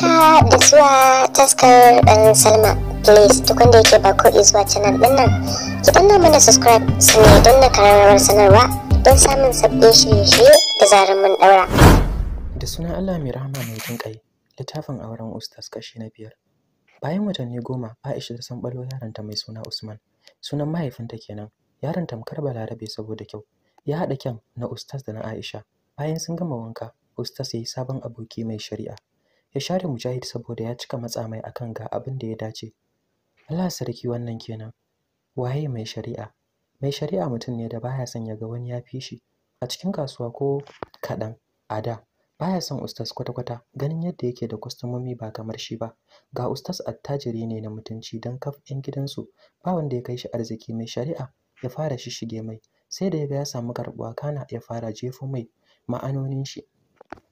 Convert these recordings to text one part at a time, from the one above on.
haka da zuwa taskar dan salma please duk wanda yake ba ko zuwa canal din nan ki danna mana subscribe su ne don na kararrawar sanarwa don samun sabbin shirye-shirye da zarar mun daura da sunan allah mai rahama mai jin ƙai littafin auren ustas kashi na biyar bayan watanni goma aisha da san balo yaronta mai suna usman sunan mahaifinta kenan yaron tamkar balarabe saboda kyau ya haɗa kyan na ustas da na aisha bayan sun gama wanka ustas ya yi sabon aboki mai shari'a ya share mujahid saboda ya cika matsa mai akan ga abin da ya dace Allah sarki wannan kenan waye mai shari'a mai shari'a mutum ne da baya son ya ga wani ya fi shi a cikin kasuwa ko kaɗan a da baya son ustas kwata-kwata ganin yadda yake da kwastomomi ba kamar shi ba ga ustas attajiri ne na mutunci don kaf 'yan gidansu ba wanda ya kai shi arziki mai shari'a ya fara shi shige mai sai da yaga ya samu karɓuwa kana ya fara jefo mai ma'anonin shi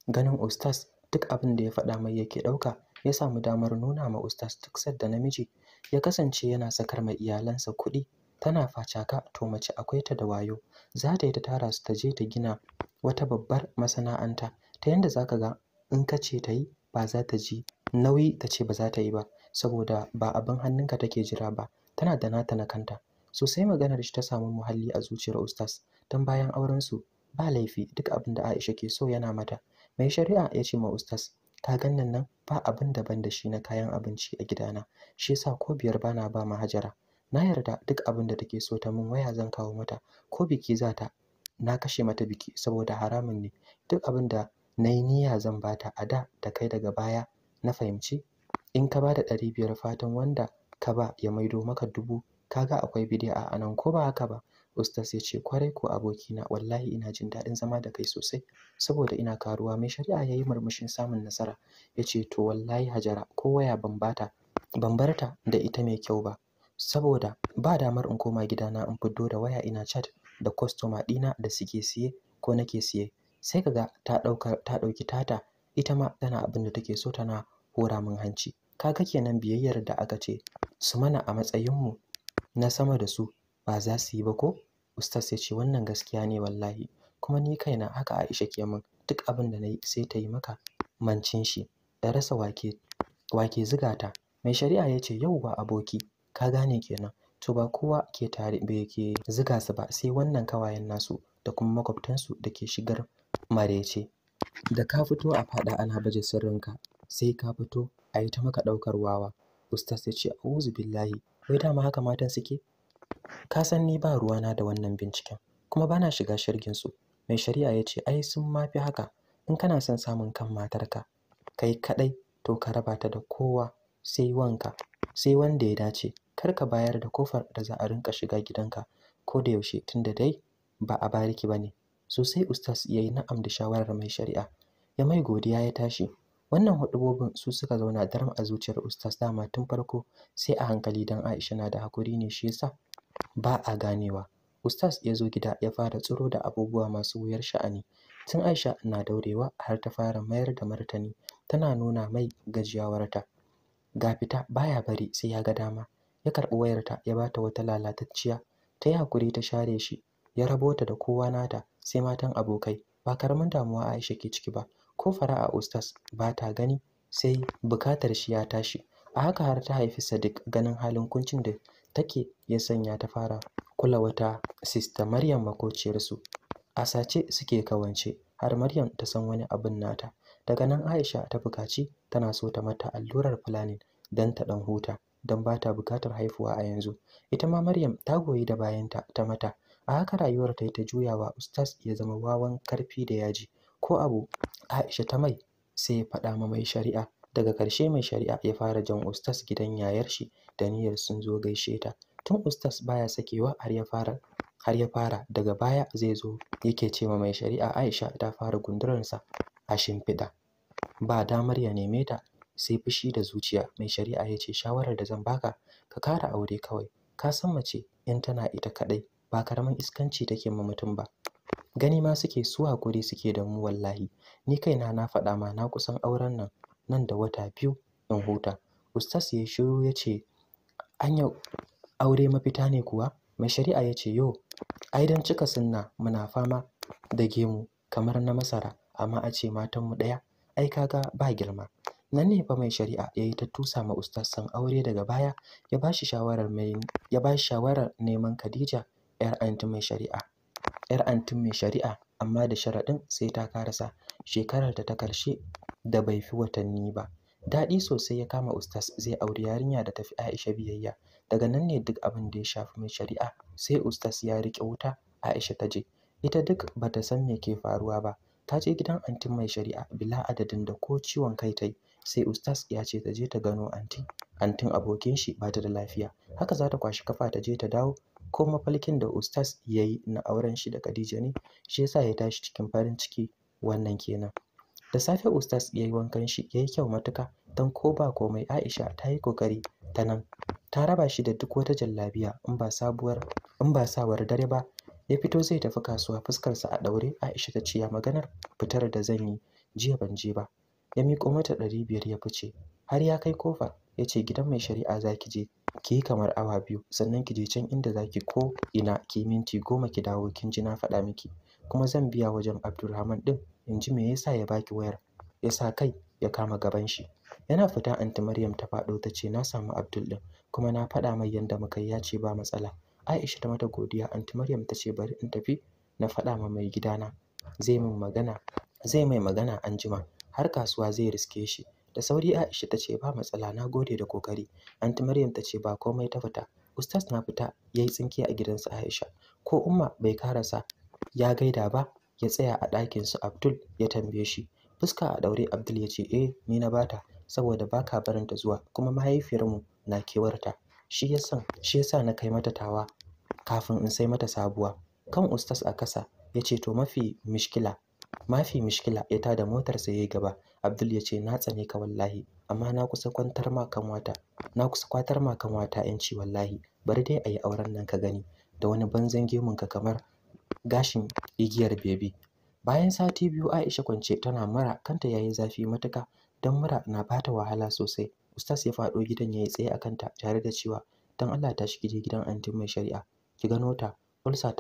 ganin ustas duk abin da ya faɗa mai yake ɗauka ya samu damar nuna ma ustaz duk da namiji ya kasance yana sakar mai iyalansa kuɗi tana facaka to mace akwai ta da wayo za ta yi ta tara su ta je ta gina wata babbar masana'anta ta yanda za ka ga in ka ce ta yi ba za ta ji nauyi ta ce ba za ta yi ba saboda ba abin hannunka take jira ba tana da nata na kanta sosai maganar shi ta samu muhalli a zuciyar ustaz don bayan auren su ba laifi duk abin da Aisha ke so yana mata mai shari'a ya ce ma ustas ka gannan nan ba abin daban da shi na kayan abinci a gidana shi yasa ko biyar bana ba ma hajara na yarda duk abin da take so ta min waya zan kawo mata ko biki za ta na kashe mata biki saboda haramun ne duk abin da na yi niyya zan ba ta a da da kai daga baya na fahimci in ka ba da ɗari biyar fatan wanda ka ba ya maido maka dubu kaga akwai bidi'a a nan ko ba haka ba Ustaz ya ce kwarai ko abokina wallahi ina jin daɗin zama da kai sosai saboda ina karuwa mai shari'a ya yi murmushin samun nasara ya ce to wallahi Hajara ko waya bambata bambarta da ita mai kyau ba saboda ba damar in koma gidana in fito da waya ina chat da kwastoma ɗina da suke siye ko nake siye sai kaga ta ta ɗauki tata ita ma tana abin da take so tana hora min hanci kaga kenan biyayyar da aka ce su mana a matsayinmu na sama da su ba za su yi ba ko ustaz ya ce wannan gaskiya ne wallahi kuma ni kaina haka Aisha ke min duk abin da yi sai ta yi maka mancin shi da rasa wake wake zigata mai shari'a ya ce yau ba aboki ka gane kenan to ba kowa ke tare bai ke ziga su ba sai wannan kawayen nasu da kuma makwabtansu da ke shigar marece da ka fito a fada ana baje ka, sai ka fito a yi ta maka daukar wawa ustaz ya ce auzu billahi wai dama haka matan suke ka san ni ba ruwana da wannan binciken kuma bana shiga shirgin su mai shari'a ya ce ai sun mafi haka in kana son samun kan matarka kai kadai to ka raba ta da kowa sai wanka sai wanda ya dace kar ka bayar da kofar da za a rinka shiga gidanka ko da yaushe tunda dai ba a bariki bane sosai ustaz yi na'am da shawarar mai shari'a ya mai godiya ya tashi wannan hudubobin su suka zauna daram a zuciyar ustaz dama tun farko sai a hankali dan Aisha na da hakuri ne shi yasa ba a ganewa ustaz ya zo gida ya fara tsoro da abubuwa masu wuyar sha'ani tun aisha na daurewa har ta fara mayar da martani tana nuna mai gajiyawarta ga fita baya bari sai ya ga dama ya karɓi wayarta ya bata wata lalatacciya ta yi hakuri ta share shi ya rabo ta da kowa nata sai matan abokai ba karamin damuwa aisha ke ciki ba ko fara'a ustaz ba ta gani sai bukatar shi ya tashi a haka har ta haifi sadiq ganin halin kuncin da take ya sanya ta fara kula wata sista Maryam makociyarsu. A sace suke kawance har Maryam ta san wani abin nata. Daga nan Aisha ta bukaci tana so ta mata allurar planning don ta ɗan huta don ba ta bukatar haifuwa a yanzu. Ita ma Maryam ta goyi da bayanta ta mata. A haka rayuwar ta yi ta juyawa Ustaz ya zama wawan karfi da yaji. Ko abu Aisha ta mai sai ya faɗa ma mai shari'a daga ƙarshe mai shari'a ya fara jan ustas gidan yayar shi da niyyar sun zo gaishe ta tun ustas baya sakewa har ya fara har ya fara daga baya zai zo yake ce ma mai shari'a Aisha ta fara gundurarsa a shimfiɗa ba damar ya neme ta sai fushi da zuciya mai shari'a ya ce shawarar da zan baka ka kara aure kawai ka san mace in tana ita kaɗai ba karamin iskanci take ma mutum ba gani ma suke suwa hakuri suke da mu wallahi ni kaina na faɗa ma na kusan auren nan nan da wata biyu in huta ustas ya shiru ya ce anya aure mafita ne kuwa mai shari'a ya ce yo ai don cika sunna muna fama da gemu kamar na masara amma a ce matanmu ɗaya ai kaga ba girma nan ne fa mai shari'a ya yi ta tusa ma ustaz san aure daga baya ya ba shi shawarar neman khadija 'yar anti mai shari'a 'yar antin mai shari'a amma da sharaɗin sai ta karasa Shekarar ta ta karshe da bai fi watanni ba daɗi sosai ya kama ustas zai auri yarinya da tafi aisha biyayya daga nan ne duk abin da ya shafi mai shari'a sai ustas ya riƙe wuta aisha ta je ita duk bata san me ke faruwa ba ta je gidan antin mai shari'a bila adadin da ko ciwon kai ta yi sai ustas ya ce ta je ta gano antin antin abokin shi ba ta da lafiya haka za ta kwashi kafa ta je ta dawo ko mafalkin da ustaz ya yi na auren shi da Khadija ne shi yasa ya tashi cikin farin ciki wannan kenan da safe ustaz ya yi wankan shi ya yi kyau matuka don ko ba komai Aisha ta yi kokari ta nan ta raba shi da duk wata jallabiya in ba sabuwar in ba sawar dare ba ya fito zai tafi kasuwa fuskarsa a daure Aisha ta ce ya maganar fitar da zan yi jiya ban je ba ya miƙo mata ɗari biyar ya fice har ya kai kofa ya ce gidan mai shari'a za ki je ki yi kamar awa biyu sannan ki je can inda zaki ko ina ki minti goma ki dawo kin ji na faɗa miki kuma zan biya wajen Abdulrahman ɗin in ji me yasa ya baki wayar ya sa kai ya kama gaban shi yana fita anti Maryam ta faɗo ta ce na samu Abdul ɗin kuma na faɗa mai yanda muka yi ya ba matsala Aisha ta mata godiya anti Maryam ta ce bari in tafi na faɗa ma mai gidana zai min magana zai mai magana anjima har kasuwa zai riske shi da sauri aisha ta ce ba matsala na gode da kokari anti maryam ta ce ba komai ta fita ustaz na fita yayi yi tsinke a gidansa aisha ko umma bai karasa ya gaida ba ya tsaya a ɗakin su abdul ya tambaye shi fuska a ɗaure abdul ya ce eh ni na bata saboda baka barinta zuwa kuma mahaifiyarmu na kewarta shi yasa shi yasa na kai mata tawa kafin in sai mata sabuwa kan ustas a kasa yace to mafi mishkila mafi mishkila ya tada motarsa yayi gaba abdul ya ce na tsane ka wallahi amma na kusa kwantar ma wata na kusa kwatar ma wata yanci wallahi bari dai a yi auren nan ka gani da wani banzan gemun ka kamar gashin igiyar bebi bayan sati biyu Aisha kwance tana mara kanta yayi zafi matuka dan mura na bata wahala sosai ustaz ya fado gidan yayi tsaye a kanta tare da cewa don Allah ta shi gidan antin mai shari'a ki gano ta ulsa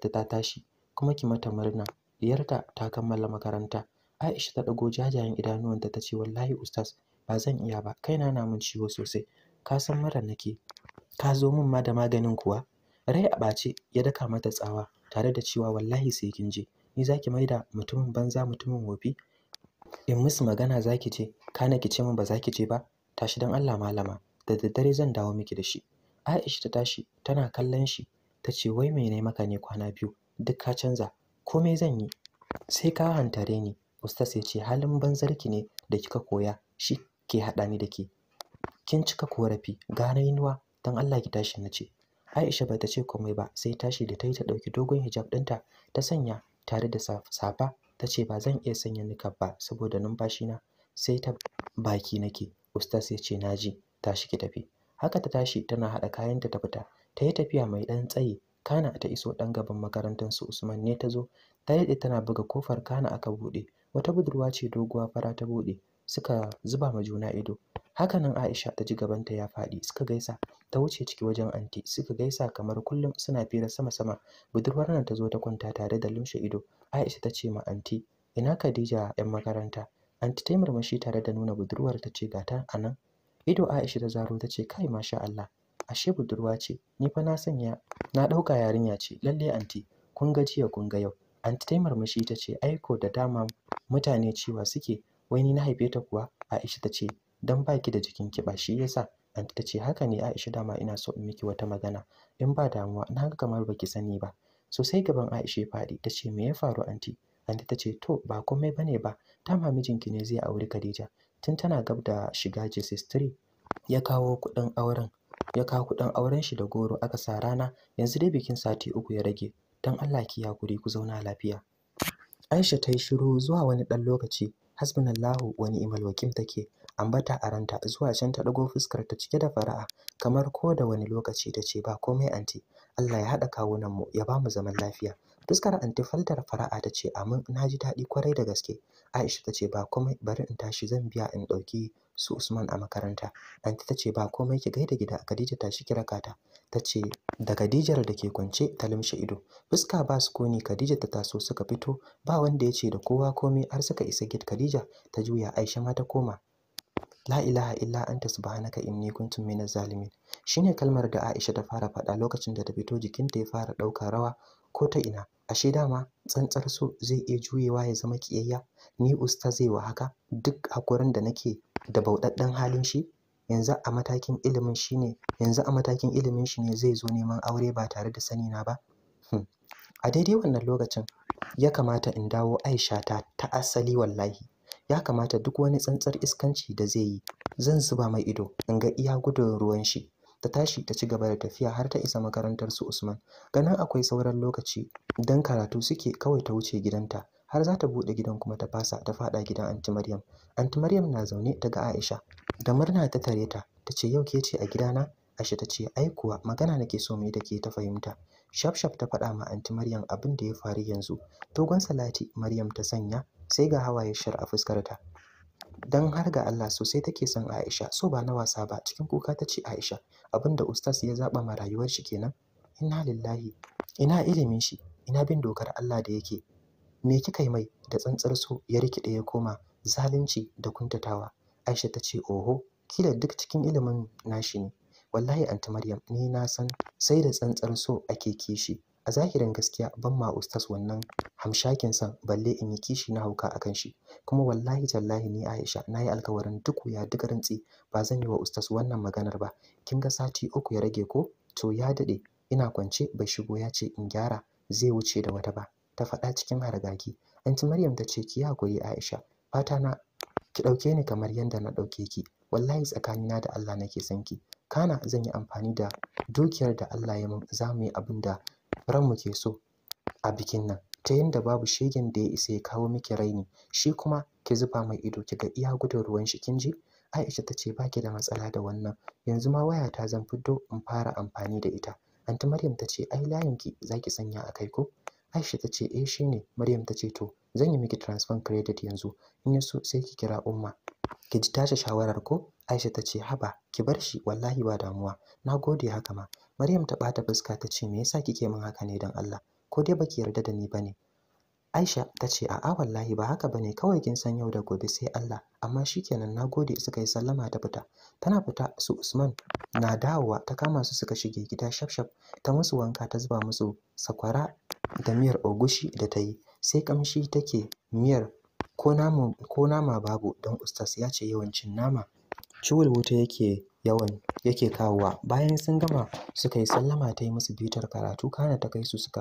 ta ta tashi kuma ki mata murna diyarta ta kammala makaranta Aisha ta ɗago jajayen idanuwanta ta ce wallahi ustaz ba zan iya ba kaina na mun ciwo sosai ka san mara nake ka zo min ma da maganin kuwa rai a ɓace ya daka mata tsawa tare da cewa wallahi sai kin je ni za ki maida mutumin banza mutumin wofi in musu magana zaki je na ki ce min ba za ki je ba tashi don Allah malama da daddare zan dawo miki da shi Aisha ta tashi tana kallon shi ta ce wai ne maka ne kwana biyu duk ka canza komai zan yi sai ka hantare ni Ustaz ya ce halin banzarki ne da kika koya shi ke haɗa ni da ke kin cika korafi gara yinuwa don Allah ki tashi na ce Aisha bata ce komai ba sai tashi da ta yi ta ɗauki dogon hijab ɗinta ta sanya tare da safa ta ce ba zan iya sanya nikab ba saboda numfashina sai ta baki nake Ustaz ya ce naji tashi ki tafi haka ta tashi tana haɗa kayanta ta fita ta yi tafiya mai ɗan tsayi kana ta iso ɗan gaban makarantar su usman ne ta zo ta daɗe tana buga kofar kana aka buɗe wata budurwa ce doguwa fara ta buɗe suka zuba ma juna ido hakanan aisha ta ji gabanta ya faɗi suka gaisa ta wuce ciki wajen anti suka gaisa kamar kullum suna fira sama sama budurwar nan ta zo ta kwanta tare da lumshe ido aisha ta ce ma anti ina khadija yan makaranta anti ta yi murmushi tare da nuna budurwar ta ce gata a nan ido aisha ta zaro ta ce kai masha allah ashe budurwa ce ni fa na sanya na ɗauka yarinya ce Lallai, anti kun ga jiya kun ga yau anti ta murmushi ta ce aiko da dama mutane cewa suke wai ni na haife ta kuwa Aisha ta ce dan baki da jikin ba shi yasa anti ta ce haka ne Aisha dama ina so in miki wata magana in ba damuwa na ga kamar baki sani ba sosai gaban Aisha ya faɗi ta ce me ya faru anti anti ta ce to ba komai bane ba dama mijinki ne zai auri Khadija tun tana gab da shiga j ya kawo kuɗin auren ya kawo kuɗin auren shi da goro aka sa rana yanzu dai bikin sati uku ya rage don Allah ki ya kuri ku zauna lafiya Aisha ta yi shiru zuwa wani ɗan lokaci hasbunallahu wani imal wakil take ambata a ranta zuwa can ta ɗago fuskar ta cike da fara'a kamar ko da wani lokaci ta ce ba komai anti Allah ya haɗa kawunan mu ya mu zaman lafiya fuskar anti faltar fara'a ta ce amin na ji daɗi kwarai da gaske Aisha ta ce ba komai bari in tashi zan biya in ɗauki su Usman a makaranta ta ce ba komai ki gaida gida Khadija ta shi kira ta ce da Khadijar da ke kwance ta limshe ido fuska ba su koni Khadija ta taso suka fito ba wanda ya ce da kowa komai har suka isa gid Khadija ta juya Aisha ma ta koma La ilaha illa anta subhanaka inni kuntu minaz zalimin shine kalmar da Aisha ta fara faɗa lokacin da ta fito jikinta ya fara ɗauka rawa ko ta ina ashe dama tsantsar so zai iya juyewa ya zama kiyayya ni usta zai wa haka duk hakurin da nake da bauɗaɗɗen halin shi yanzu a matakin ilimin shi ne yanzu a matakin ilimin shi ne zai zo neman aure ba tare da sani na ba hmm. a daidai wannan lokacin ya kamata in dawo aisha ta ta asali wallahi ya kamata duk wani tsantsar iskanci da zai yi zan zuba mai ido in ga iya gudun ruwan shi ta tashi ta ci gaba da tafiya har ta isa makarantar su Usman ganin akwai sauran lokaci dan karatu suke kawai ta wuce gidanta har za ta bude gidan kuma ta fasa ta fada gidan Aunty Maryam Aunty Maryam na zaune ta ga Aisha da murna ta tare ta tace yau ke ce a gidana Aisha ta ce ai kuwa magana nake so mai dake da ke ta fahimta shafshaf ta faɗa ma Aunty Maryam abin da ya faru yanzu. Dogon salati Maryam ta sanya sai ga hawaye shar a fuskarta. dan har ga Allah sosai take son Aisha so ba na wasa ba cikin kuka ta ce Aisha abinda ustaz ya zaba ma rayuwar shi kenan inna lillahi ina ilimin shi ina bin dokar Allah da yake me kika yi mai da tsantsar so ya rikide ya koma zalunci da kuntatawa Aisha ta ce oho kila duk cikin ilimin nashi ne wallahi anti Maryam ni na san sai da tsantsar so ake kishi a zahirin gaskiya ban ma ustas wannan hamshakin san balle in yi kishi na hauka a kan shi kuma wallahi tallahi ni Aisha na yi alkawarin duk wuya duk rantsi ba zan yi wa ustas wannan maganar ba kin ga sati uku ya rage ko to ya daɗe, ina kwance bai shigo ya ce in gyara zai wuce da wata ba ta faɗa cikin hargaki anti Maryam ta ce ki hakuri Aisha fata na ki ɗauke ni kamar yadda na ɗauke ki wallahi tsakanina da Allah nake son ki kana zan yi amfani da dukiyar da Allah ya mun za mu yi abin da ranmu ke so a bikin nan ta yadda babu shegen da ya isa ya kawo miki raini shi kuma ki zuba mai ido ki ga iya gudun ruwan shi kin ji Aisha ta ce baki da matsala da wannan yanzu ma waya ta zan fito in fara amfani da ita Anti Maryam ta ce ai layin ki zaki sanya a kai ko Aisha ta ce eh shine Maryam ta ce to zan yi miki transfer credit yanzu in ya so sai ki kira umma ki ji tashi shawarar ko Aisha ta ce haba ki bar shi wallahi ba damuwa nagode haka ma Maryam ta bata fuska ta ce me yasa kike min haka ne don Allah ko dai baki yarda da ni bane Aisha ta ce a'a wallahi ba haka bane kawai kin san yau da gobe sai Allah amma shikenan nagode suka yi sallama ta fita tana fita su Usman na dawowa ta kama su suka shige gida shafshaf ta musu wanka ta zuba musu sakwara da miyar ogushi da ta yi sai kamshi take miyar ko nama babu don ustas ya ce yawancin nama ciwul wuta yake yawan yake kawowa bayan sun gama suka yi sallama ta yi musu bitar karatu kana ta kai su suka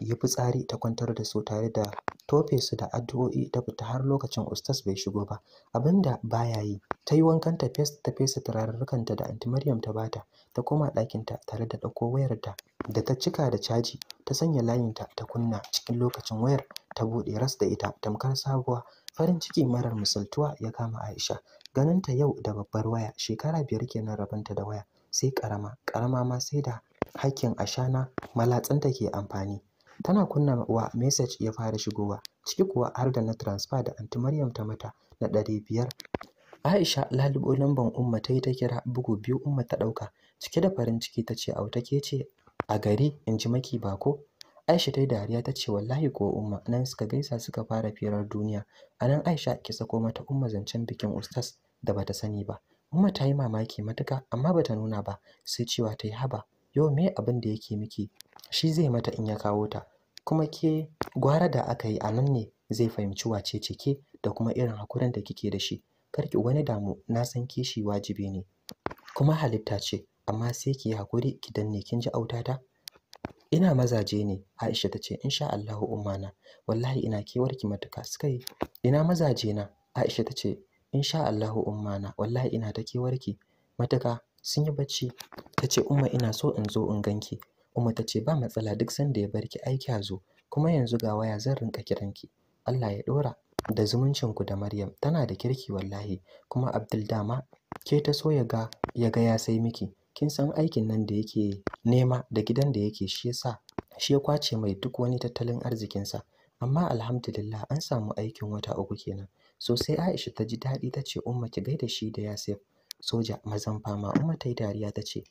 yi fitsari ta kwantar da su tare da tofe su da addu'o'i ta fita har lokacin ustas bai shigo ba abinda baya yi ta yi wankan ta fes ta fesa turarurrukanta da anti maryam ta bata ta koma ɗakinta tare da ɗauko wayarta da ta cika da caji ta sanya layinta ta kunna cikin lokacin wayar ta buɗe ras da ita tamkar sabuwa farin ciki marar misaltuwa ya kama aisha ganinta yau da babbar waya shekara biyar kenan rabanta da waya sai karama karama ma sai da hakkin ashana malatsanta ke amfani tana kunna wa message ya fara shigowa ciki kuwa har da na transfer da anti maryam ta mata na ɗari biyar aisha lalubo lamban umma ta yi ta kira bugu biyu umma ta ɗauka cike da farin ciki ta ce autake ce a gari in ji maki bako Aisha ta yi dariya ta ce wallahi ko umma nan suka gaisa suka fara firar duniya. A nan Aisha ki sako mata umma zancen bikin ustas da bata sani ba. Umma ta yi mamaki matuka amma bata nuna ba sai cewa ta yi haba yau me abin da yake miki shi zai mata in ya kawo ta kuma ke gwara da aka yi a nan ne zai fahimci wace ce ke da kuma irin hakurin da kike da shi Kar ki wani damu na san kishi wajibi ne kuma halitta ce amma sai ki yi hakuri ki danne kin ji autata ina mazaje ne Aisha ta ce insha Allahu umma wallahi ina kewarki matuka suka ina mazaje na Aisha ta ce insha Allahu umma na wallahi ina ta kewarki matuka sun yi bacci ta ce umma ina so in zo in ganki umma ta ce ba matsala duk sanda ya barki aiki a zo kuma yanzu ga waya zan rinka kiranki Allah ya dora da zumuncin ku da Maryam tana da kirki wallahi kuma Abdul dama ke ta so ya ga ya ga ya sai miki kin san aikin nan da yake nema da gidan da yake shi yasa shi ya kwace mai duk wani tattalin arzikinsa amma alhamdulillah an samu aikin wata uku kenan so sai Aisha ta ji daɗi ta ce umma ki gaida shi da Yasif soja mazan fama umma ta yi dariya ta ce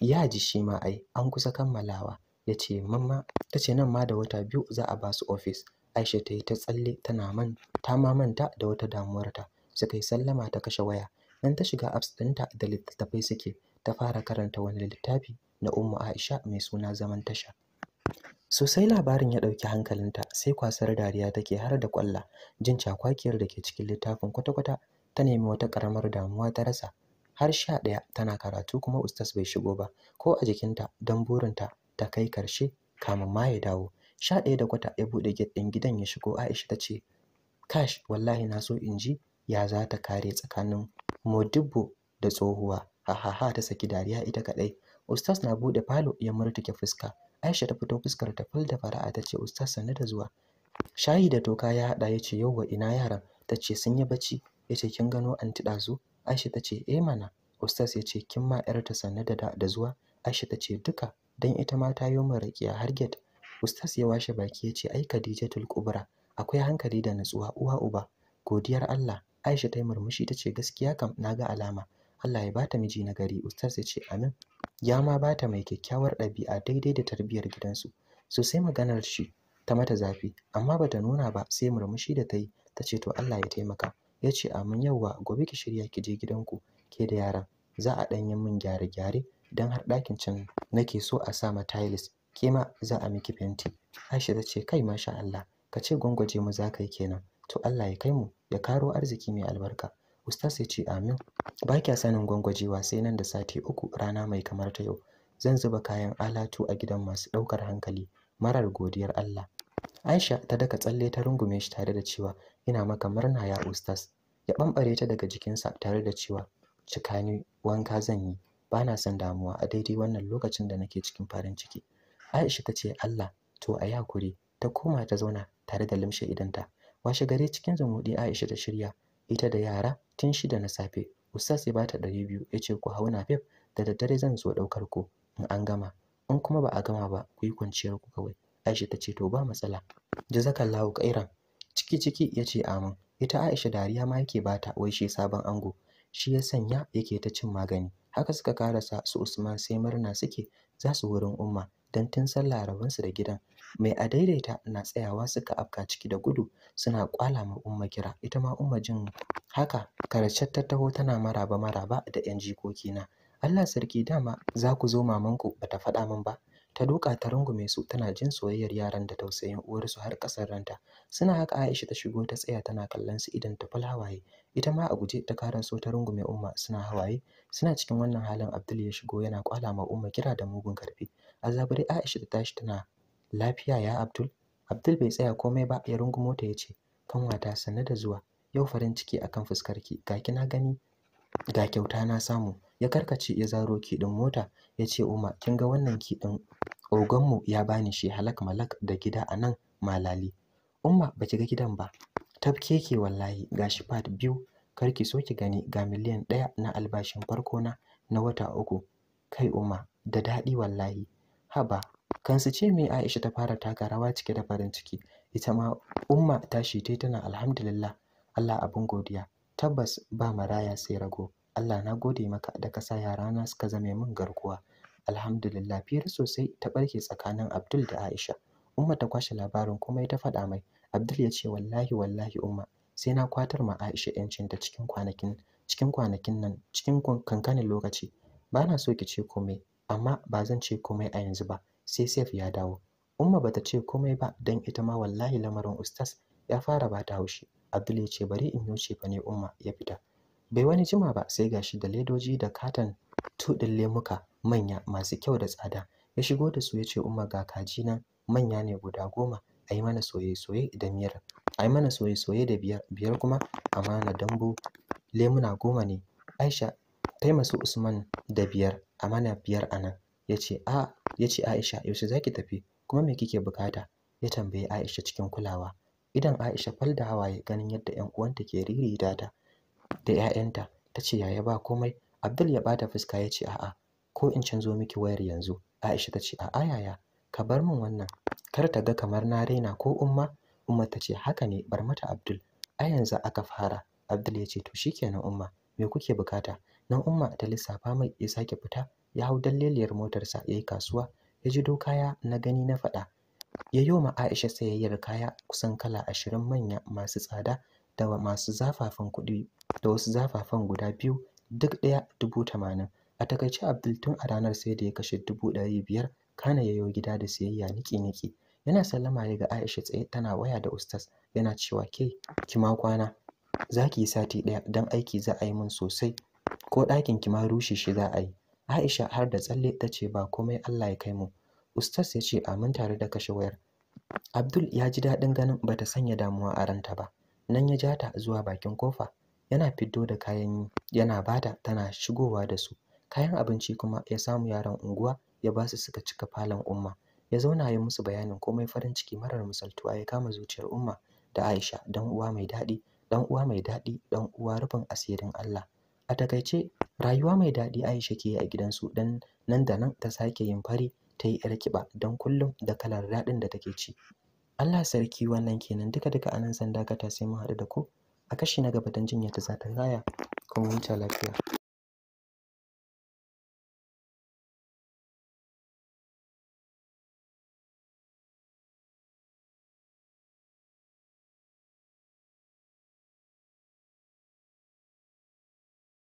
ya ji shi ma ai an kusa kammalawa ya ce mamma ta ce nan ma da wata biyu za a ba su ofis Aisha ta yi ta tsalle tana man ta ma manta da wata damuwarta suka yi sallama ta kashe waya nan ta shiga apps ɗinta da littattafai suke ta fara karanta wani littafi na Ummu Aisha mai suna Zaman Tasha. Sosai labarin ya ɗauki hankalinta sai kwasar dariya take har da kwalla jin cakwakiyar da ke cikin littafin kwata-kwata ta nemi wata ƙaramar damuwa ta rasa har sha ɗaya tana karatu kuma ustas bai shigo ba ko a jikinta don burinta ta kai karshe kamun ma ya dawo sha ɗaya da kwata ya buɗe gate ɗin gidan ya shigo Aisha ta ce kash wallahi na so in ji ya za ta kare tsakanin Modibbo da tsohuwa ha ta saki dariya ita kadai ustaz na bude falo ya murtuke fuska aisha ta fito fuskar ta fal da fara'a ta ce ustaz sanne da zuwa shayi da toka ya hada ya ce yauwa ina yaran ta ce sun yi bacci ya ce kin gano anti dazu aisha ta ce eh mana ustaz ya ce kin ma yar ta sanne da da zuwa aisha ta ce duka dan ita ma ta yi min rakiya har get ustaz ya washe baki ya ce ai khadijatul kubra akwai hankali da nutsuwa uwa uba godiyar Allah Aisha ta yi murmushi ta ce gaskiya kam na ga alama Allah ya bata miji na gari ustar ya ce amin ya ma bata mai kyakkyawar ɗabi'a daidai da tarbiyar gidansu sosai maganar shi ta mata zafi amma bata nuna ba sai murmushi da ta yi ta ce to Allah ya taimaka ya ce amin yauwa gobe ki shirya ki je gidanku ke da yaran za a ɗan yi min gyare-gyare don har ɗakin can nake so a sa ma tiles ke ma za a miki fenti Aisha ta ce kai masha Allah ka ce gwangwaje mu za ka yi kenan to Allah ya kai mu ya karo arziki mai albarka Ustaz ya ce amin. Ba kya sanin gwangwajewa sai nan da sati uku rana mai kamar ta yau. Zan zuba kayan alatu a gidan masu ɗaukar hankali marar godiyar Allah. Aisha ta daka tsalle ta rungume shi tare da cewa ina maka murna ya ustaz. Ya bambare ta daga jikinsa tare da cewa cika ni wanka zan yi bana son damuwa a daidai wannan lokacin da nake cikin farin ciki. Aisha ta ce Allah to a yakuri ta koma ta zauna tare da limshe idanta. Washe gare cikin zumuɗi Aisha ta shirya ita da yara tun shida na safe ustaz ya bata ɗari biyu ya ce ku hau napep da daddare zan zo ɗaukar ku in an gama in kuma ba a gama ba ku yi kwanciyar ku kawai aisha ta ce to ba matsala jazakallahu kairan ciki ciki ya ce amin ita aisha dariya ma yake bata wai shi sabon ango shi ya sanya yake ta cin magani haka suka karasa su usman sai murna suke za su wurin umma don tun sallah rabonsu da gidan mai a daidaita na tsayawa suka afka ciki da gudu suna kwala ma umma kira ita ma umma jin haka karshe ta taho tana maraba maraba da yan jikoki na Allah sarki dama za ku zo mamanku bata faɗa min ba ta duka ta rungume su tana jin soyayyar yaran da tausayin uwar su har ƙasar ranta suna haka Aisha ta shigo ta tsaya tana kallon su idan ta fal hawaye ita ma a guje ta karan so ta rungume umma suna hawaye suna cikin wannan halin Abdul ya shigo yana kwala ma umma kira da mugun karfi azabari Aisha ta tashi tana lafiya ya abdul abdul bai tsaya komai ba ya rungumo ta ya ce kanwata sanna da zuwa yau farin ciki a akan fuskarki ga kina gani ga kyauta na samu ya karkace ya zaro kiɗin mota ya ce Uma kin ga wannan kiɗin ogonmu ya bani shi halak malak da gida a nan malali Umma ba ki ga gidan ba tafke ke wallahi shi fat biyu kar ki so ki gani ga miliyan ɗaya na albashin farko na na wata uku kai umar. da daɗi wallahi haba kansu ce mai Aisha ta fara taka rawa cike da farin ciki ita ma umma ta ta tai tana alhamdulillah Allah abin godiya tabbas ba maraya sai rago Allah na gode maka da ka sa yarana suka zame min garkuwa alhamdulillah fira sosai ta barke tsakanin Abdul da Aisha umma ta kwashe labarin kuma ita faɗa mai Abdul ya ce wallahi wallahi umma sai na kwatar ma Aisha yancinta cikin kwanakin cikin kwanakin nan cikin kankanin lokaci Bana so ki ce komai amma ba zan ce komai a yanzu ba sai saif ya dawo umma bata ce komai ba dan ita ma wallahi lamarin ustas ya fara bata haushi abdul ya ce bari in wuce fa ne umma ya fita bai wani jima ba sai gashi da ledoji da katon tudin lemuka manya masu kyau da tsada ya shigo da su ya ce umma ga kaji nan manya ne guda goma a yi mana soye-soye da miyar a yi mana soye-soye da biyar biyar kuma amana dambu lemuna goma ne aisha masu usman da biyar amana biyar a nan ya ce a ya ce Aisha yaushe za ki tafi kuma me kike bukata ya tambayi Aisha cikin kulawa idan Aisha fal da hawaye ganin yadda ƴan uwanta ke ririta ta da ƴaƴanta ta ce yaya ba komai Abdul ya bata fuska ya ce a'a ko in canzo miki wayar yanzu Aisha ta ce a'a yaya ka bar min wannan kar ta ga kamar na raina ko umma umma ta ce haka ne bar mata Abdul a yanzu aka fara Abdul ya ce to shikenan umma me kuke bukata nan umma ta lissafa mai ya sake fita ya hau dalleliyar motarsa ya yi kasuwa ya ji kaya na gani na faɗa ya yi ma aisha sayayyar kaya kusan kala ashirin manya masu tsada da masu zafafan kuɗi da wasu zafafan guda biyu duk ɗaya dubu tamanin a takaice abdul tun a ranar sai da ya kashe dubu ɗari biyar kana yayo gida da siyayya niki-niki yana sallama ne ga aisha tsaye tana waya da ustas yana cewa ke ki ma kwana za ki yi sati ɗaya don aiki za a yi min sosai ko ɗakin ki ma rushe shi za a yi Aisha har da tsalle ta ce ba komai Allah ya kai mu. Ustas ya ce amin tare da kashe wayar. Abdul ya ji daɗin ganin ba ta sanya damuwa a ranta ba. Nan ya ja ta zuwa bakin kofa yana fito da kayan yi, yana bada tana shigowa da su. Kayan abinci kuma ya samu yaran unguwa ya ba su suka cika falon umma. Ya zauna ya musu bayanin komai farin ciki marar misaltuwa ya kama zuciyar umma da Aisha dan uwa mai daɗi, dan uwa mai daɗi, dan uwa rufin asirin Allah. A takaice Rayuwa mai daɗi Aisha ke yi a gidansu dan nan da nan ta sake yin fari ta yi ƴar kiba don kullum da kalar daɗin da take ci. Allah sarki wannan kenan duka duka anan san dakata sai mun haɗu da ku a kashi na gaba don jinya ta zata ta kuma huta lafiya.